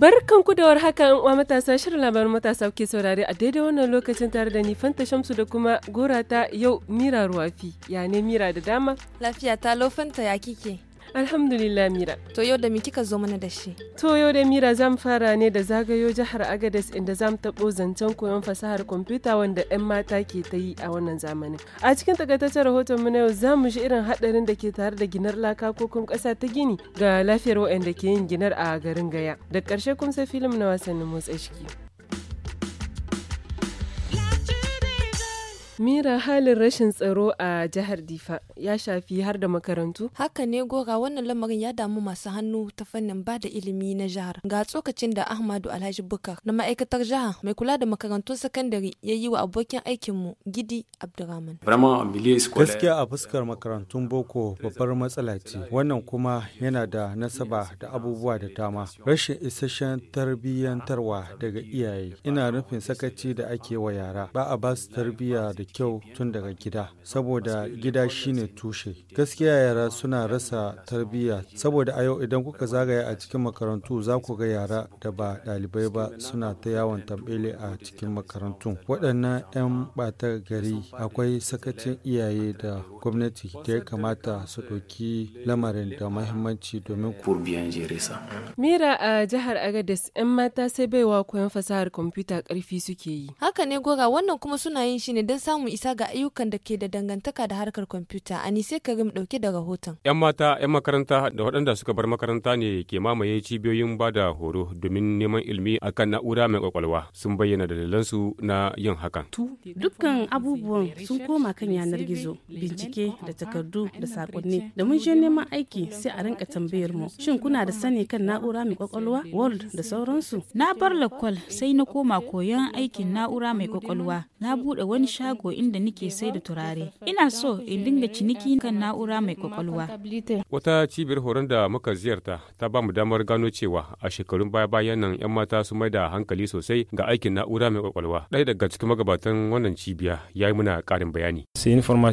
Barkan ku da war haka uwa matasa shirin labarin matasa kuke saurari a daidai wannan lokacin tare da ni Fanta Shamsu da kuma gora ta yau Mira Ruwafi. Ya ne Mira da dama? Lafiya ta lo Fanta ya kike? Alhamdulillah Mira. To yau da mi kika zo mana da shi? To yau da Mira zan fara ne da zagayo jihar Agadez inda zam taɓo zancen koyon fasahar kwamfuta wanda 'yan mata ke ta yi a wannan zamanin. A cikin takaitaccen rahoton mu na yau za mu shi irin haɗarin da ke tare da ginar laka ko kuma ƙasa ta gini ga lafiyar waɗanda ke yin ginar a garin Gaya. Da ƙarshe kuma sai filim na wasannin motsa shiki. Mira halin rashin tsaro a jihar Difa ya shafi har da makarantu? Haka ne gora wannan lamarin ya damu masu hannu ta fannin ba da ilimi na jihar. Ga tsokacin da Ahmadu Alhaji Bukar na ma'aikatar jihar mai kula da makarantun sakandare ya yi wa abokin aikinmu Gidi Abdurrahman. Gaskiya a fuskar makarantun boko babbar matsala ce wannan kuma yana da nasaba da abubuwa da dama. Rashin isasshen tarbiyyantarwa daga iyaye ina nufin sakaci da ake wa yara ba a ba su tarbiyya da kyau tun daga gida saboda gida shine tushe gaskiya yara suna rasa tarbiyya saboda a yau idan kuka zagaya a cikin makarantu za ku ga yara da ba ɗalibai ba suna ta yawon tambele a cikin makarantu waɗannan 'yan ɓata gari akwai sakacin iyaye da gwamnati da ya kamata su ɗauki lamarin da mahimmanci domin mira a jihar agadez 'yan mata sai baiwa koyon fasahar kwamfuta ƙarfi suke yi haka ne goga wannan kuma suna yin shi ne don samun mu isa ga ayyukan da ke da dangantaka da harkar kwamfuta anise karim dauke da rahoton yan mata yan makaranta da waɗanda suka bar makaranta ne ke mamaye cibiyoyin ba da horo domin neman ilimi kan na'ura mai kwakwalwa sun bayyana dalilansu na yin hakan dukkan abubuwan sun koma kan yanar gizo bincike da takardu da sakonni da mun je neman aiki sai a rinka tambayar mu shin kuna da sani kan na'ura mai kwakwalwa world da sauransu na bar lakwal sai na koma koyon aikin na'ura mai kwakwalwa na buɗe wani shago in inda nike sai da turare. Ina so in dinga ciniki kan na'ura mai kwakwalwa. Wata cibiyar horon da muka ziyarta ta ba mu damar gano cewa a shekarun baya-bayan nan 'yan mata su mai da hankali sosai ga aikin na'ura mai kwakwalwa. Ɗaya daga cikin magabatan wannan cibiya ya yi muna karin bayani.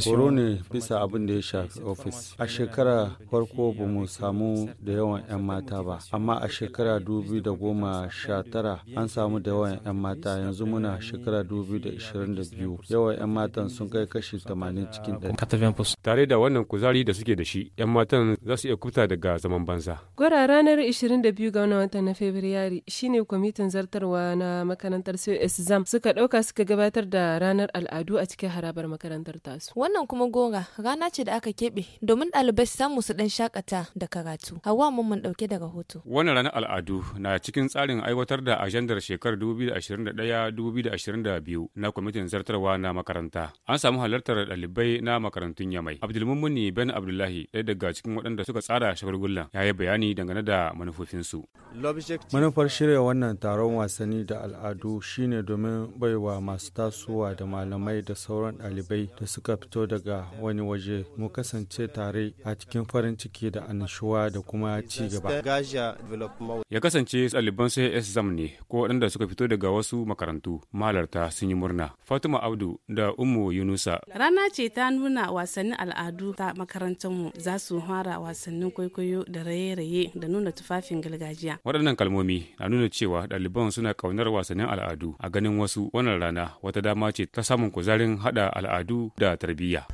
Horo ne bisa abin da ya shafi ofis. A shekara farko ba mu samu da yawan 'yan mata ba, amma a shekara dubu da goma sha tara an samu da yawan 'yan mata yanzu muna shekara dubu da ishirin da biyu. Yawan 'yan matan sun kai kashi 80 cikin 100. Tare da wannan kuzari da suke da shi, 'yan matan za su iya kuta daga zaman banza. Gwara ranar 22 ga wannan watan na Fabrairu shine kwamitin zartarwa na makarantar COS ZAM suka ɗauka suka gabatar da ranar al'adu a cikin harabar makarantar tasu. Wannan kuma gora rana ce da aka keɓe domin ɗalibai su samu su ɗan shakata da karatu. Hawa mun ɗauke daga hoto. Wannan ranar al'adu na cikin tsarin aiwatar da ajandar shekarar 2021-2022 na kwamitin zartarwa na makaranta. An samu halartar ɗalibai na makarantun Yamai. Abdulmumuni Ben Abdullahi ɗaya daga cikin waɗanda suka tsara shagulgullan ya yi bayani dangane da manufofinsu. Manufar shirya wannan taron wasanni da al'adu shine domin baiwa masu tasowa da malamai da sauran ɗalibai da suka fito daga wani waje mu kasance tare a cikin farin ciki da annashuwa da kuma ci gaba. Ya kasance ɗaliban CS zam ne ko waɗanda suka fito daga wasu makarantu malarta sun yi murna. Fatima Abdu da Ummu Yunusa. Rana ce ta nuna wasannin al'adu ta mu za su fara wasannin kwaikwayo da raye-raye da nuna tufafin gargajiya. Waɗannan kalmomi na nuna cewa ɗaliban suna ƙaunar wasannin al'adu a ganin wasu wannan rana wata dama ce ta samun kuzarin haɗa al'adu da tarbiyya.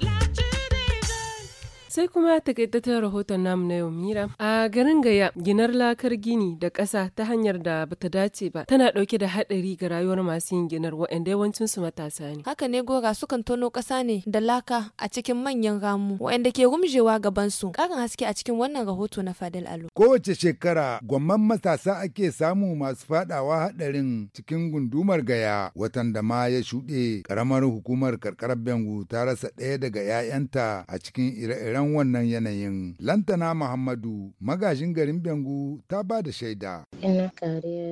Sai kuma takaitaccen rahoton namu na yau Mira. A garin Gaya, ginar lakar gini da ƙasa ta hanyar da bata dace ba tana ɗauke da haɗari ga rayuwar masu yin ginar waɗanda yawancin su matasa ne. Haka ne gora sukan tono ƙasa ne da laka a cikin manyan ramu waɗanda ke rumjewa gaban su. Ƙarin haske a cikin wannan rahoto na Fadil Alu. Kowace shekara gwamman matasa ake samu masu faɗawa haɗarin cikin gundumar Gaya watan da ma ya shuɗe ƙaramar hukumar karkarar Bengu ta rasa ɗaya daga 'ya'yanta a cikin ire-iren yan wannan yanayin. Lantana Muhammadu magajin garin Bengu ta ba da shaida.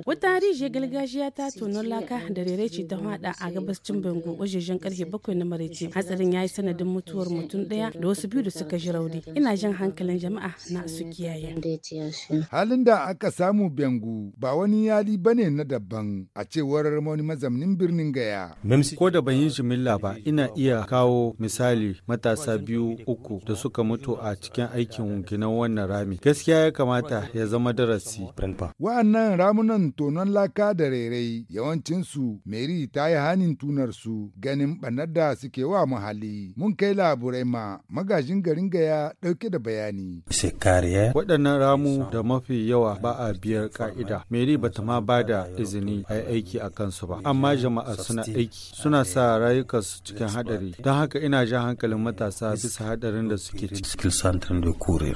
Wata rijiyar gargajiya ta tonon laka da rereci ta hada a gabascin Bengu wajejen karfe bakwai na maraice. Hatsarin ya yi sanadin mutuwar mutum daya da wasu biyu da suka ji rauni. Ina jan hankalin jama'a na su kiyaye. Halin da aka samu Bengu ba wani yali bane na daban a cewar wani mazamnin birnin Gaya. Ko da ban yi jimilla ba ina iya kawo misali matasa biyu uku da suka suka mutu a cikin aikin ginan wannan rami gaskiya ya kamata ya zama darasi wa'annan ramunan tonon laka da rairai yawancinsu mary ta yi hanin su ganin ɓannar da suke wa muhalli mun kai laburai ma magajin garin gaya ɗauke da bayani waɗannan ramu da mafi yawa ba a biyar ka'ida mary ba ta ma ba da izini a yi aiki a kansu ba amma jama'a suna aiki suna sa rayukansu cikin haɗari don haka ina jan hankalin matasa bisa haɗarin da suke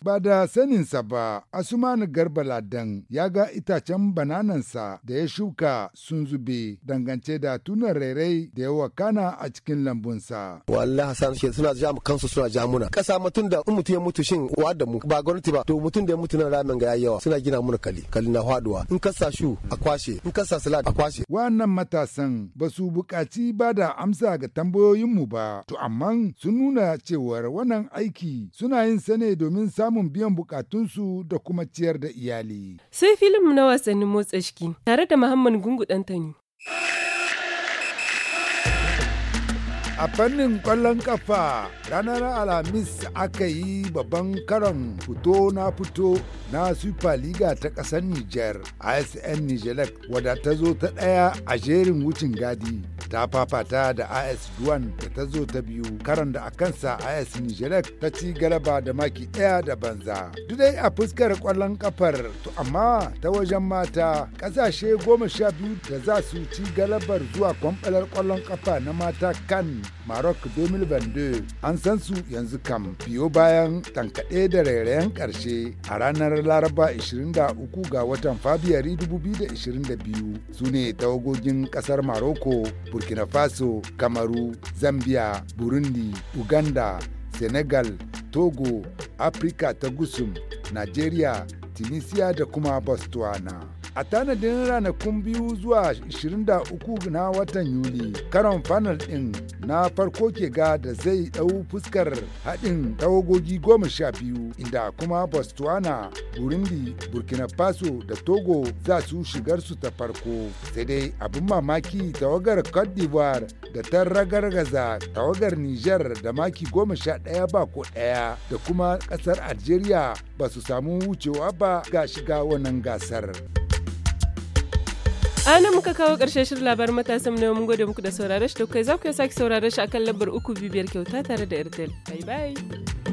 Ba da saninsa ba, Asumani Garba Ladan ya ga itacen bananansa da ya shuka sun zube dangance da tunan rairai da ya wakana a cikin lambunsa. Wallahi Hassan shi suna ja mu kansu suna ja muna. Kasa mutum da mutum ya mutu shin wa da mu ba gwamnati ba to mutum da ya mutu nan ramin ga yawa suna gina muna kali kali na haduwa. in kasa shu a kwashe in kasa salad a kwashe. Wannan matasan ba su buƙaci ba da amsa ga tambayoyinmu ba to amma sun nuna cewar wannan aiki suna yin sane domin samun biyan bukatunsu da kuma ciyar da iyali. Sai filim na wasannin motsa jiki tare da Muhammad Gungu Dantani. a fannin kwallon kafa ranar alhamis aka yi babban karon fito na fito na super liga ta ƙasar niger asn nigelec wadda ta zo ta ɗaya a jerin wucin gadi ta fafata da AS Duan da ta zo ta biyu karan da a kansa AS Nijerek ta ci galaba da maki ɗaya da banza. Dudai a fuskar kwallon kafar to amma ta wajen mata ƙasashe goma sha biyu da za su ci galabar zuwa kwamfalar kwallon kafa na mata kan Maroc 2022 an san su yanzu kam biyo bayan tankaɗe da rairayen ƙarshe a ranar Laraba 23 ga watan Fabiyari 2022 su ne tawagogin ƙasar Maroko, burkina faso kamaru zambia burundi uganda senegal togo afirka ta gusum nigeria tunisia da kuma botswana a tanadin ranakun biyu zuwa 23 na watan yuli karon fanal ɗin na farko ke ga da zai dau fuskar haɗin tawagogi goma sha biyu inda kuma botswana burundi burkina faso da togo za su shigar su ta farko sai dai abin mamaki tawagar cote d'ivoire da ta ragargaza tawagar niger da maki goma sha ɗaya ba ko ɗaya da kuma ƙasar algeria ba su samu wucewa ba ga shiga wannan gasar. A nan muka kawo ƙarshen shirin labarin matasan na yau mun gode muku da saurare shi da kai za ku sake saurare shi akan lambar uku bibiyar kyauta tare da Airtel. Bye bye.